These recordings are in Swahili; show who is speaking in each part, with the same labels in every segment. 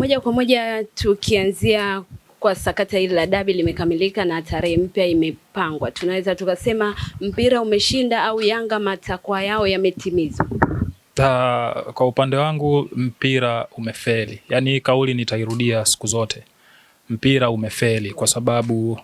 Speaker 1: Moja kwa moja tukianzia kwa sakata hili la dabi limekamilika na tarehe mpya imepangwa, tunaweza tukasema mpira umeshinda au Yanga matakwa yao yametimizwa?
Speaker 2: Ta, kwa upande wangu mpira umefeli. Yaani kauli nitairudia siku zote, mpira umefeli kwa sababu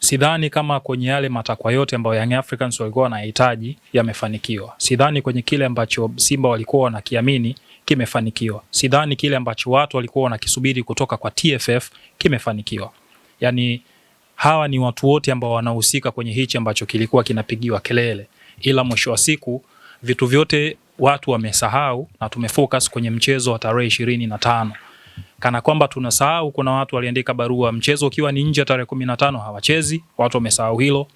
Speaker 2: sidhani kama kwenye yale matakwa yote ambayo Young Africans walikuwa wanahitaji yamefanikiwa. Sidhani kwenye kile ambacho Simba walikuwa wanakiamini kimefanikiwa. Sidhani kile ambacho watu walikuwa wanakisubiri kutoka kwa TFF kimefanikiwa. Yani hawa ni watu wote ambao wanahusika kwenye hichi ambacho kilikuwa kinapigiwa kelele, ila mwisho wa siku vitu vyote watu wamesahau na tumefocus kwenye mchezo wa tarehe ishirini na tano kana kwamba tunasahau. Kuna watu waliandika barua, mchezo ukiwa ni nje tarehe kumi na tano hawachezi. Watu wamesahau hilo.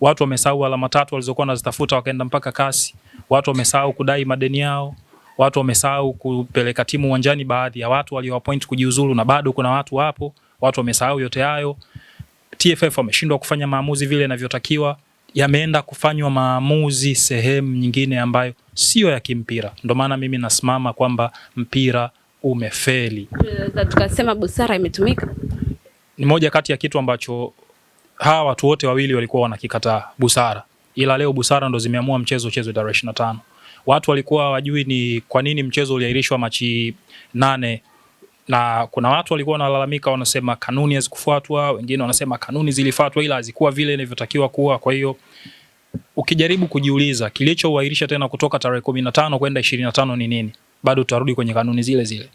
Speaker 2: Watu wamesahau alama tatu walizokuwa wanazitafuta wakaenda mpaka kasi. Watu wamesahau kudai madeni yao watu wamesahau kupeleka timu uwanjani, baadhi ya watu waliowapoint kujiuzulu, na bado kuna watu wapo. Watu wamesahau yote hayo. TFF wameshindwa kufanya maamuzi vile inavyotakiwa, yameenda kufanywa maamuzi sehemu nyingine ambayo sio ya kimpira. Ndio maana mimi nasimama kwamba mpira umefeli,
Speaker 1: tukasema busara imetumika.
Speaker 2: Ni moja kati ya kitu ambacho hawa watu wote wawili walikuwa wanakikataa, busara. Ila leo busara ndo zimeamua mchezo uchezwe tarehe 25 watu walikuwa wajui ni kwa nini mchezo uliahirishwa Machi nane na kuna watu walikuwa wanalalamika, wanasema kanuni hazikufuatwa, wengine wanasema kanuni zilifuatwa ila hazikuwa vile inavyotakiwa kuwa. Kwa hiyo ukijaribu kujiuliza kilichowairisha tena kutoka tarehe 15 kwenda 25 ni nini, bado tutarudi kwenye kanuni zile zile.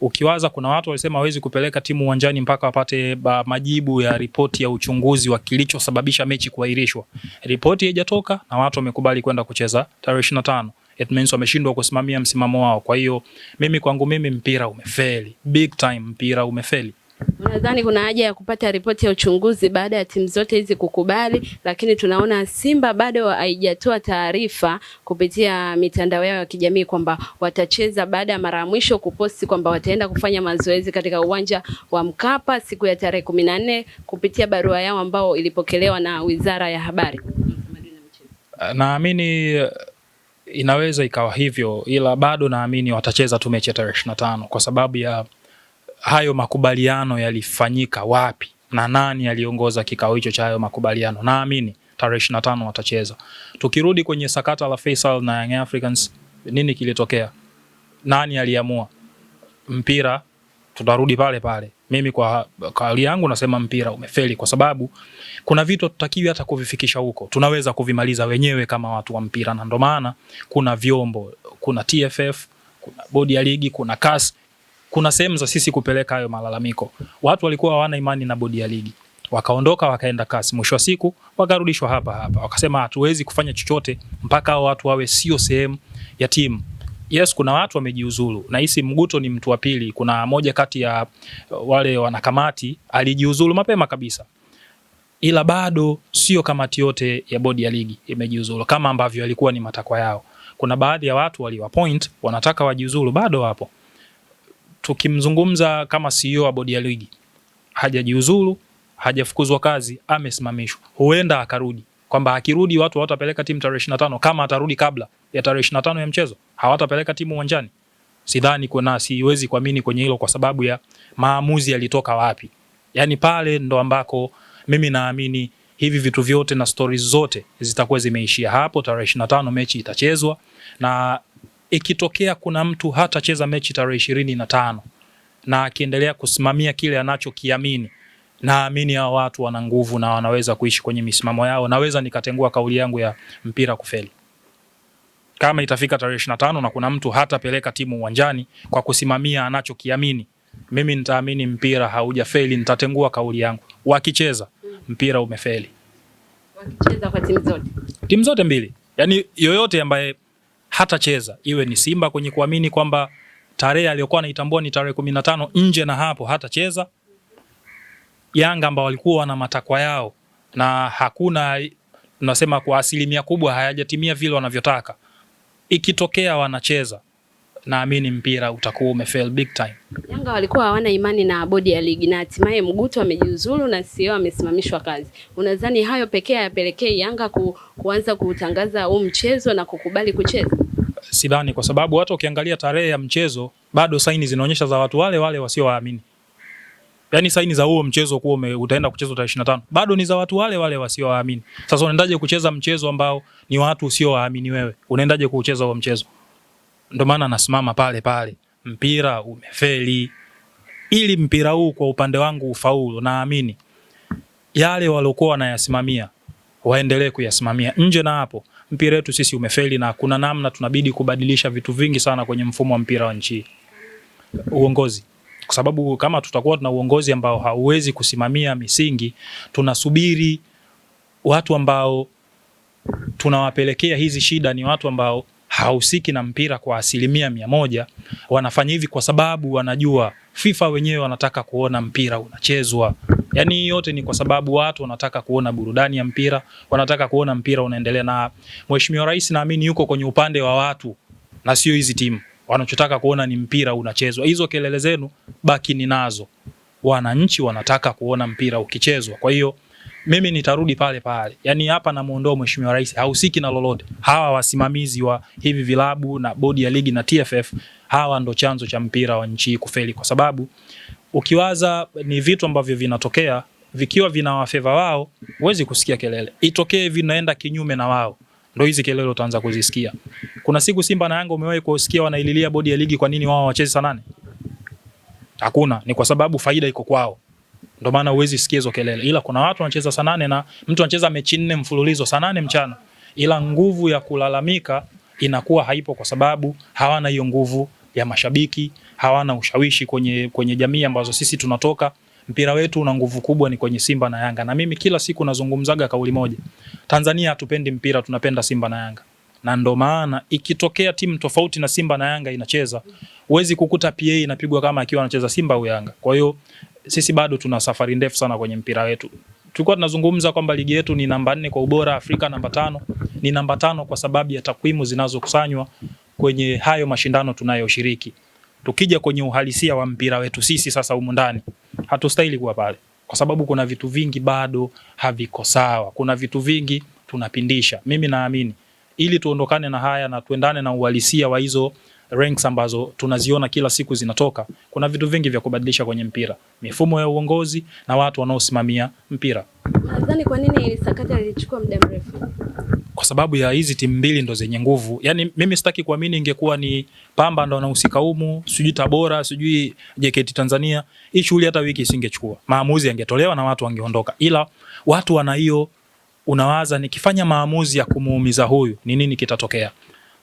Speaker 2: Ukiwaza kuna watu walisema hawezi kupeleka timu uwanjani mpaka wapate majibu ya ripoti ya uchunguzi wa kilichosababisha mechi kuahirishwa. Ripoti haijatoka na watu wamekubali kwenda kucheza tarehe 25 it means wameshindwa kusimamia msimamo wao. Kwa hiyo mimi kwangu mimi mpira umefeli big time, mpira umefeli.
Speaker 1: Nadhani kuna haja ya kupata ripoti ya uchunguzi baada ya timu zote hizi kukubali, lakini tunaona Simba bado haijatoa taarifa kupitia mitandao yao ya kijamii kwamba watacheza baada ya mara ya mwisho kuposti kwamba wataenda kufanya mazoezi katika uwanja wa Mkapa siku ya tarehe kumi na nne kupitia barua yao ambao ilipokelewa na Wizara ya Habari.
Speaker 2: Naamini inaweza ikawa hivyo, ila bado naamini watacheza tu mechi ya tarehe ishirini na tano kwa sababu ya hayo makubaliano yalifanyika wapi na nani aliongoza kikao hicho cha hayo makubaliano. Naamini tarehe ishirini na tano watacheza. Tukirudi kwenye sakata la Faisal na Young Africans, nini kilitokea? Nani aliamua? Mpira tutarudi pale pale mimi kwa kauli yangu nasema mpira umefeli, kwa sababu kuna vitu hatutakiwi hata kuvifikisha huko, tunaweza kuvimaliza wenyewe kama watu wa mpira, na ndo maana kuna vyombo, kuna TFF, kuna bodi ya ligi, kuna CAS, kuna sehemu za sisi kupeleka hayo malalamiko. Watu walikuwa hawana imani na bodi ya ligi wakaondoka wakaenda kasi, mwisho wa siku wakarudishwa hapa hapa, wakasema hatuwezi kufanya chochote mpaka hao watu wawe sio sehemu ya timu yes, kuna watu wamejiuzulu. Nahisi Mguto ni mtu wa pili. Kuna moja kati ya uh, wale wanakamati alijiuzulu mapema kabisa, ila bado sio kamati yote ya bodi ya ligi imejiuzulu kama ambavyo yalikuwa ni matakwa yao. Kuna baadhi ya watu waliwapoint wanataka wajiuzulu, bado wapo. Tukimzungumza kama CEO wa bodi ya ligi, hajajiuzulu, hajafukuzwa kazi, amesimamishwa, huenda akarudi kwamba akirudi watu hawatapeleka timu tarehe 25 kama atarudi kabla ya tarehe 25 ya mchezo, hawatapeleka timu uwanjani. Sidhani kuna, siwezi kuamini kwenye hilo kwa sababu ya maamuzi yalitoka wapi. yani pale ndo ambako mimi naamini hivi vitu vyote na stori zote zitakuwa zimeishia hapo. Tarehe 25 mechi itachezwa, na ikitokea kuna mtu hatacheza mechi tarehe tano na akiendelea kusimamia kile anachokiamini naamini hao watu wana nguvu na wanaweza kuishi kwenye misimamo yao. Naweza nikatengua kauli yangu ya mpira kufeli kama itafika tarehe 25 na kuna mtu hatapeleka timu uwanjani kwa kusimamia anachokiamini, mimi nitaamini mpira haujafeli, nitatengua kauli yangu. Wakicheza mpira umefeli,
Speaker 1: wakicheza kwa timu zote,
Speaker 2: timu zote mbili, yani yoyote ambaye hatacheza iwe ni Simba kwenye kuamini kwamba tarehe aliyokuwa anaitambua ni tarehe 15, nje na hapo hatacheza Yanga ambao walikuwa wana matakwa yao na hakuna tunasema kwa asilimia kubwa hayajatimia vile wanavyotaka, ikitokea wanacheza naamini mpira utakuwa umefail big time.
Speaker 1: Yanga walikuwa hawana imani na bodi ya ligi na hatimaye Mguto amejiuzulu na CEO amesimamishwa kazi. Unadhani hayo pekee hayapelekei Yanga ku, kuanza kutangaza huu mchezo na kukubali kucheza?
Speaker 2: Sidhani, kwa sababu hata ukiangalia tarehe ya mchezo bado saini zinaonyesha za watu wale wale wasiowaamini yani saini za huo mchezo kuwa utaenda kuchezwa tarehe tano bado ni za watu wale wale wasiowaamini. Sasa unaendaje kucheza mchezo ambao ni watu usiowaamini wewe? Unaendaje kucheza huo mchezo? Ndio maana nasimama pale pale, mpira umefeli. Ili mpira huu kwa upande wangu ufaulu, naamini yale waliokuwa wanayasimamia waendelee kuyasimamia. Nje na hapo, mpira wetu sisi umefeli, na kuna namna tunabidi kubadilisha vitu vingi sana kwenye mfumo wa mpira wa nchi. Uongozi kwa sababu kama tutakuwa tuna uongozi ambao hauwezi kusimamia misingi, tunasubiri watu ambao tunawapelekea hizi shida ni watu ambao hahusiki na mpira kwa asilimia mia moja. Wanafanya hivi kwa sababu wanajua FIFA wenyewe wanataka kuona mpira unachezwa. Yani yote ni kwa sababu watu wanataka kuona burudani ya mpira, wanataka kuona mpira unaendelea. Na Mheshimiwa Rais naamini yuko kwenye upande wa watu na sio hizi timu wanachotaka kuona ni mpira unachezwa. Hizo kelele zenu baki ni nazo, wananchi wanataka kuona mpira ukichezwa. Kwa hiyo mimi nitarudi pale pale, yaani hapa namuondoa mheshimiwa rais, hahusiki na lolote. Hawa wasimamizi wa hivi vilabu na bodi ya ligi na TFF, hawa ndo chanzo cha mpira wa nchi kufeli, kwa sababu ukiwaza ni vitu ambavyo vinatokea vikiwa vinawafeva wao, huwezi kusikia kelele. Itokee vinaenda kinyume na wao ndo hizi kelele utaanza kuzisikia. Kuna siku Simba na Yanga umewahi kusikia wanaililia bodi ya ligi kwa nini wao wacheze saa nane? Hakuna, ni kwa sababu faida iko kwao. ndo maana huwezi sikia hizo kelele. Ila kuna watu wanacheza saa nane na mtu anacheza mechi nne mfululizo saa nane mchana. Ila nguvu ya kulalamika inakuwa haipo kwa sababu hawana hiyo nguvu ya mashabiki, hawana ushawishi kwenye, kwenye jamii ambazo sisi tunatoka mpira wetu una nguvu kubwa ni kwenye Simba na Yanga, na mimi kila siku nazungumzaga kauli moja, Tanzania hatupendi mpira, tunapenda Simba na Yanga na ndo maana ikitokea timu tofauti na Simba na Yanga inacheza, huwezi kukuta PA inapigwa kama akiwa anacheza Simba au Yanga. Kwa hiyo sisi bado tuna safari ndefu sana kwenye mpira wetu. Tulikuwa tunazungumza kwamba ligi yetu ni namba nne kwa ubora, Afrika namba tano. Ni namba tano kwa sababu ya takwimu zinazokusanywa kwenye hayo mashindano tunayoshiriki. Tukija kwenye uhalisia wa mpira wetu sisi sasa humu ndani, hatustahili kuwa pale, kwa sababu kuna vitu vingi bado haviko sawa, kuna vitu vingi tunapindisha. Mimi naamini ili tuondokane na haya na tuendane na uhalisia wa hizo ranks ambazo tunaziona kila siku zinatoka, kuna vitu vingi vya kubadilisha kwenye mpira, mifumo ya uongozi na watu wanaosimamia mpira.
Speaker 1: Nadhani kwa nini ile sakata muda mrefu
Speaker 2: kwa sababu ya hizi timu mbili ndo zenye nguvu. Yaani mimi sitaki kuamini ingekuwa ni Pamba ndo anahusika humu, sijui Tabora, sijui JKT Tanzania, hii shughuli hata wiki isingechukua, maamuzi yangetolewa na watu wangeondoka. Ila watu wana hiyo, unawaza nikifanya maamuzi ya kumuumiza huyu ni nini kitatokea?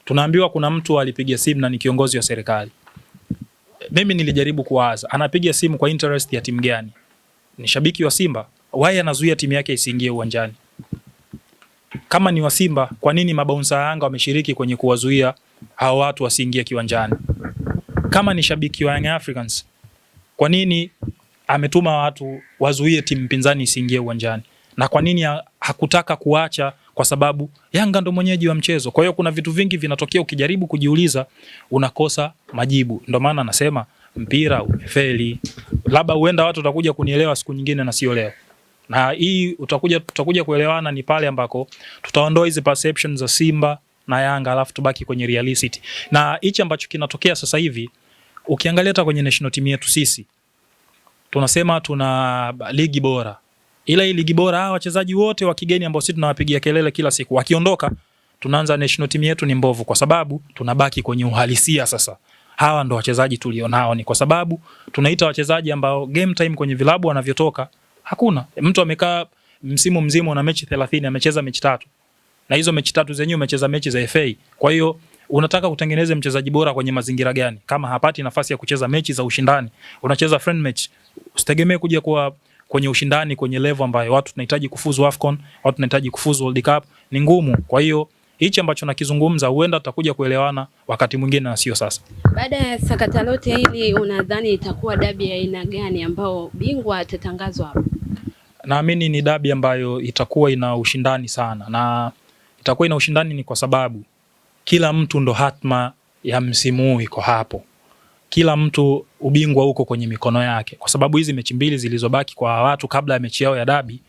Speaker 2: Tunaambiwa kuna mtu alipiga simu na ni kiongozi wa serikali. Mimi nilijaribu kuwaza, anapiga simu kwa interest ya timu gani? Ni shabiki wa Simba, why anazuia timu yake isiingie uwanjani? Kama ni wa Simba, kwa nini mabaunsa Yanga wameshiriki kwenye kuwazuia hao watu wasiingie kiwanjani? Kama ni shabiki wa Young Africans, kwa nini ametuma watu wazuie timu pinzani isiingie uwanjani? Na kwa nini hakutaka kuacha kwa sababu Yanga ndo mwenyeji wa mchezo. Kwa hiyo kuna vitu vingi vinatokea, ukijaribu kujiuliza unakosa majibu. Ndo maana nasema mpira umefeli. Labda huenda watu watakuja kunielewa siku nyingine na sio leo, na hii utakuja, tutakuja kuelewana ni pale ambako tutaondoa hizi perception za Simba na Yanga alafu tubaki kwenye reality. Na hichi ambacho kinatokea sasa hivi ukiangalia hata kwenye national team yetu sisi tunasema tuna ligi bora ila hii ligi bora hawa wachezaji wote wa kigeni ambao sisi tunawapigia kelele kila siku wakiondoka, tunaanza national team yetu ni mbovu, kwa sababu tunabaki kwenye uhalisia. Sasa hawa ndo wachezaji tulionao, ni kwa sababu tunaita wachezaji ambao game time kwenye vilabu wanavyotoka hakuna mtu amekaa msimu mzima na mechi 30 amecheza mechi tatu, na hizo mechi tatu zenyewe umecheza mechi za FA. Kwa hiyo unataka kutengeneza mchezaji bora kwenye mazingira gani kama hapati nafasi ya kucheza mechi za ushindani? Unacheza friend match, usitegemee kuja kwa kwenye ushindani kwenye level ambayo watu tunahitaji kufuzu AFCON, watu tunahitaji kufuzu World Cup ni ngumu. Kwa hiyo hichi ambacho nakizungumza huenda tutakuja kuelewana wakati mwingine na sio sasa.
Speaker 1: Baada ya sakata lote hili, unadhani itakuwa dabi ya aina gani ambao bingwa atatangazwa hapo?
Speaker 2: Naamini ni dabi ambayo itakuwa ina ushindani sana, na itakuwa ina ushindani ni kwa sababu kila mtu ndo hatma ya msimu huu iko hapo kila mtu ubingwa huko kwenye mikono yake, kwa sababu hizi mechi mbili zilizobaki kwa watu kabla ya mechi yao ya dabi,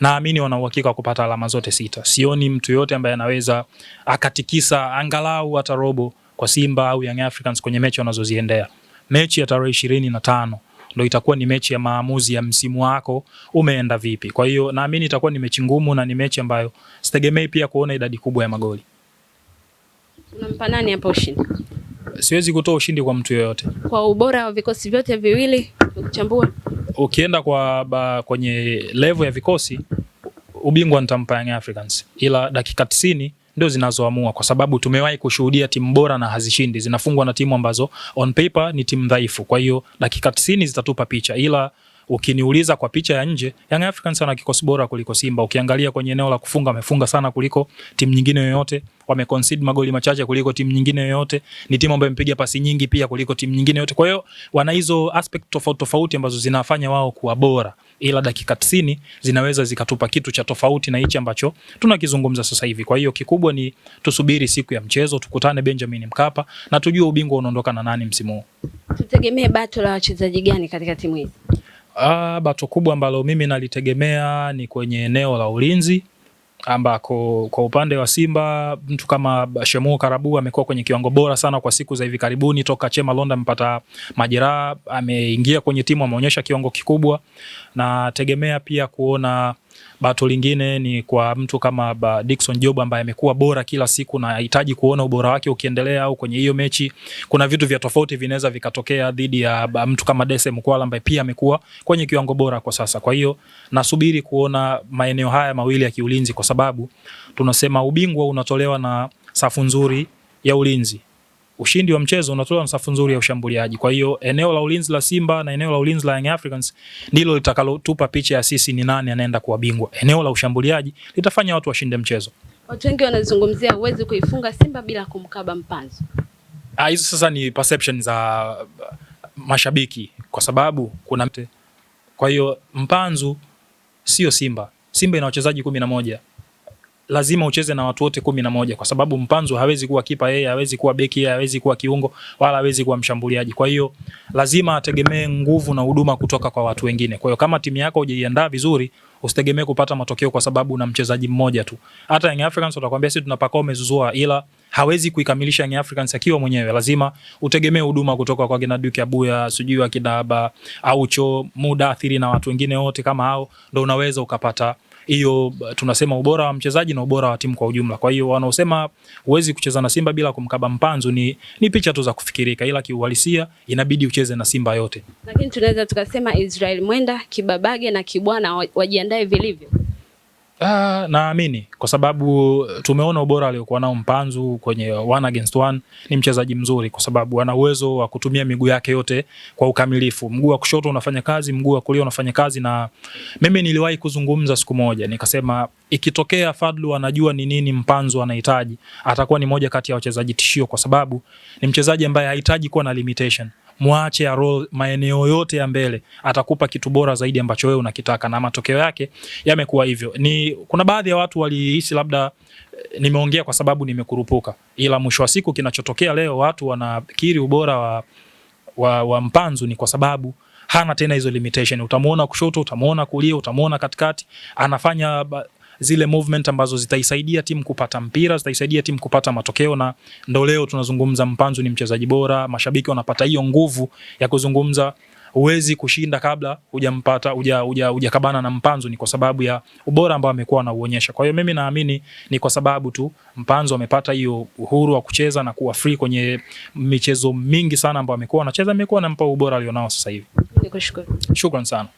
Speaker 2: naamini wana uhakika wa kupata alama zote sita. Sioni mtu yoyote ambaye anaweza akatikisa angalau hata robo kwa Simba au Young Africans kwenye mechi wanazoziendea. Mechi ya tarehe ishirini na tano ndo itakuwa ni mechi ya maamuzi ya msimu wako umeenda vipi. Kwa hiyo naamini itakuwa ni mechi ngumu na ni mechi ambayo sitegemei pia kuona idadi kubwa ya magoli.
Speaker 1: Unampa nani hapo ushindi?
Speaker 2: siwezi kutoa ushindi kwa mtu yoyote.
Speaker 1: Kwa ubora wa vikosi vyote viwili kuchambua,
Speaker 2: ukienda kwa ba, kwenye level ya vikosi, ubingwa nitampa Young Africans, ila dakika 90 ndio zinazoamua, kwa sababu tumewahi kushuhudia timu bora na hazishindi, zinafungwa na timu ambazo on paper ni timu dhaifu. Kwa hiyo dakika 90 zitatupa picha, ila ukiniuliza kwa picha ya nje, Young Africans wana kikosi bora kuliko Simba. Ukiangalia kwenye eneo la kufunga, wamefunga sana kuliko timu nyingine yoyote, wame magoli machache kuliko timu nyingine yoyote, ni timu ambayo imepiga pasi nyingi pia kuliko timu nyingine yoyote. Kwa hiyo wana hizo aspect tofauti tofauti ambazo zinafanya wao kuwa bora, ila dakika 90 zinaweza zikatupa kitu cha tofauti na hichi ambacho tunakizungumza sasa hivi. Kwa hiyo kikubwa ni tusubiri siku ya mchezo, tukutane Benjamin Mkapa na tujue ubingwa unaondoka na nani msimu huu.
Speaker 1: Tutegemee bato la wachezaji gani katika timu hizi?
Speaker 2: Ah, bato kubwa ambalo mimi nalitegemea ni kwenye eneo la ulinzi ambako kwa upande wa Simba mtu kama Shemu Karabu amekuwa kwenye kiwango bora sana kwa siku za hivi karibuni, toka Chema Londa amepata majeraha, ameingia kwenye timu, ameonyesha kiwango kikubwa. Nategemea pia kuona Bato lingine ni kwa mtu kama ba Dickson Job ambaye amekuwa bora kila siku na hahitaji kuona ubora wake ukiendelea au kwenye hiyo mechi kuna vitu vya tofauti vinaweza vikatokea dhidi ya ba mtu kama Dese Mkwala ambaye pia amekuwa kwenye kiwango bora kwa sasa. Kwa hiyo nasubiri kuona maeneo haya mawili ya kiulinzi, kwa sababu tunasema ubingwa unatolewa na safu nzuri ya ulinzi ushindi wa mchezo unatoa safu nzuri ya ushambuliaji. Kwa hiyo eneo la ulinzi la Simba na eneo la ulinzi la Young Africans ndilo litakalotupa picha ya sisi ni nani anaenda kuwa bingwa. Eneo la ushambuliaji litafanya watu washinde mchezo.
Speaker 1: Watu wengi wanazungumzia uwezi kuifunga Simba bila kumkaba mpanzo.
Speaker 2: Ah, hizo sasa ni perception za uh, mashabiki kwa sababu kuna mte. Kwa hiyo mpanzu sio Simba. Simba ina wachezaji kumi na moja lazima ucheze na watu wote kumi na moja kwa sababu Mpanzu hawezi kuwa kipa yeye, hawezi kuwa beki yeye, hawezi kuwa kiungo wala hawezi kuwa mshambuliaji. Kwa hiyo lazima ategemee nguvu na huduma kutoka kwa watu wengine. Kwa hiyo kama timu yako hujiandaa vizuri, usitegemee kupata matokeo kwa sababu na mchezaji mmoja tu. Hata Young Africans watakwambia sisi tunapaka umezuzua, ila hawezi kuikamilisha Young Africans akiwa mwenyewe. Lazima utegemee huduma kutoka kwa kina Duke Abuya, sijui wa Kidaba, muda athiri na watu wengine wote kama hao, ndio unaweza ukapata hiyo tunasema ubora wa mchezaji na ubora wa timu kwa ujumla. Kwa hiyo wanaosema huwezi kucheza na Simba bila kumkaba mpanzu ni, ni picha tu za kufikirika, ila kiuhalisia inabidi ucheze na Simba yote.
Speaker 1: Lakini tunaweza tukasema Israel Mwenda, Kibabage na Kibwana wajiandae vilivyo.
Speaker 2: Uh, naamini kwa sababu eh, tumeona ubora aliokuwa nao Mpanzu kwenye one against one. Ni mchezaji mzuri kwa sababu ana uwezo wa kutumia miguu yake yote kwa ukamilifu. Mguu wa kushoto unafanya kazi, mguu wa kulia unafanya kazi, na mimi niliwahi kuzungumza siku moja nikasema, ikitokea Fadlu anajua ni nini Mpanzu anahitaji, atakuwa ni moja kati ya wachezaji tishio, kwa sababu ni mchezaji ambaye hahitaji kuwa na limitation mwache role maeneo yote ya mbele, atakupa kitu bora zaidi ambacho wewe unakitaka, na matokeo yake yamekuwa hivyo. Ni kuna baadhi ya watu walihisi labda eh, nimeongea kwa sababu nimekurupuka, ila mwisho wa siku kinachotokea leo watu wanakiri ubora wa, wa, wa Mpanzu ni kwa sababu hana tena hizo limitation. Utamwona kushoto, utamuona kulia, utamuona katikati, anafanya zile movement ambazo zitaisaidia timu kupata mpira, zitaisaidia timu kupata matokeo, na ndo leo tunazungumza Mpanzu ni mchezaji bora. Mashabiki wanapata hiyo nguvu ya kuzungumza huwezi kushinda kabla hujampata hujakabana na Mpanzu. Ni kwa sababu ya ubora ambao amekuwa anauonyesha. Kwa hiyo mimi naamini ni kwa sababu tu Mpanzu amepata hiyo uhuru wa kucheza na kuwa free kwenye michezo mingi sana ambayo amekuwa anacheza, amekuwa anampa ubora alionao sasa hivi. Nikushukuru, shukran sana.